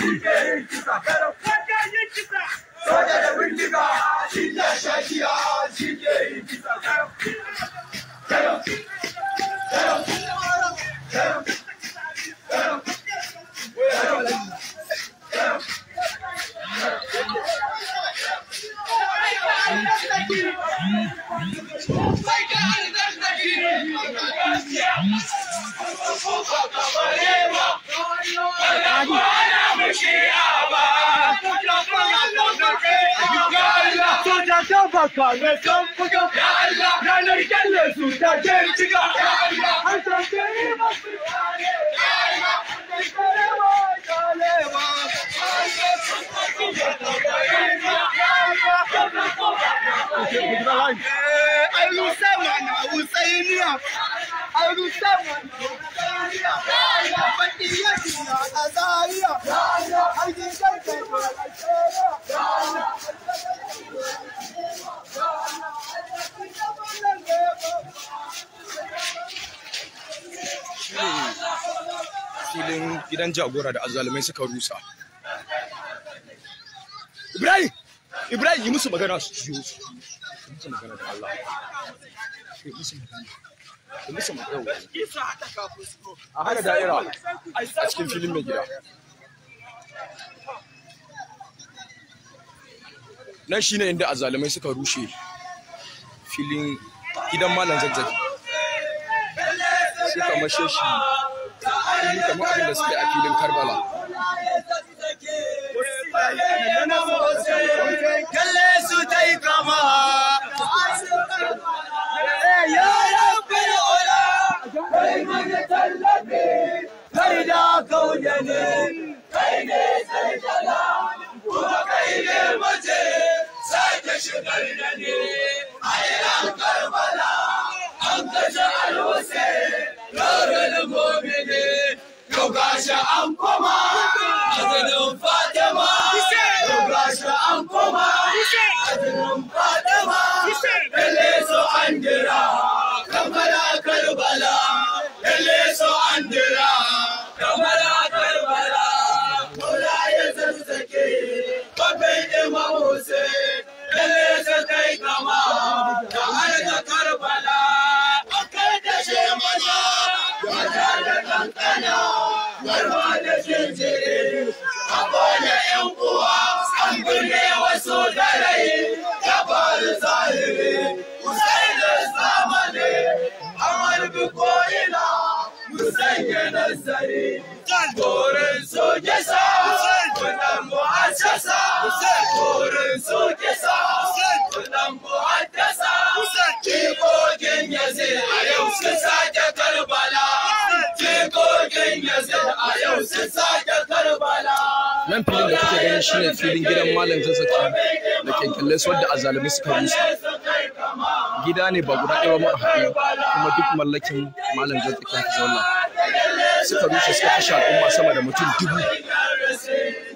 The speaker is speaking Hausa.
shike kisa kada kada yin kisa soja da bindiga shike Thank you. Abubakar mai kamfuka ranar kyalle su ta ke cika an san kare masu kare kare ba kare ba Alusama na Usainiya Alusama na Usainiya filin gidan jagora da azalumai suka rusa ibrahim ibrahim yi musu magana su jiyo su yi musu magana da allah yi musu magana yi musu magana a hana da'ira a cikin filin mai gida nan shine inda azalumai suka rushe filin gidan malam zazzaki suka mashe shi musulmi kamar waɗanda suke a filin Karbala. Kalle su ta yi kama. Kai da kauye ne, kai ne sai kuma kai ne mace, sake shigar da ne. gashi an koma azumin fatima yau gashi an koma azumin fatima lalle so an jira kamala karbala lalle so an jira kamala karbala mola ya zazzake babban imam hussein lalle so kai kama jinjiri a kone yan uwa an binne wasu garayi gabar zahiri musai da zamani an harbi ko'ina musanya nazari korin soke sa kudan mu a shasa korin soke sa kudan mu a nan filin da kuke ganin shi ne filin gidan malam zazzaki da su wadda a suka rusa gida ne ba guda ɗaya ba haɗe kuma duk mallakin malam zazzaki haka zauna suka rusa suka kashe al'umma sama da mutum dubu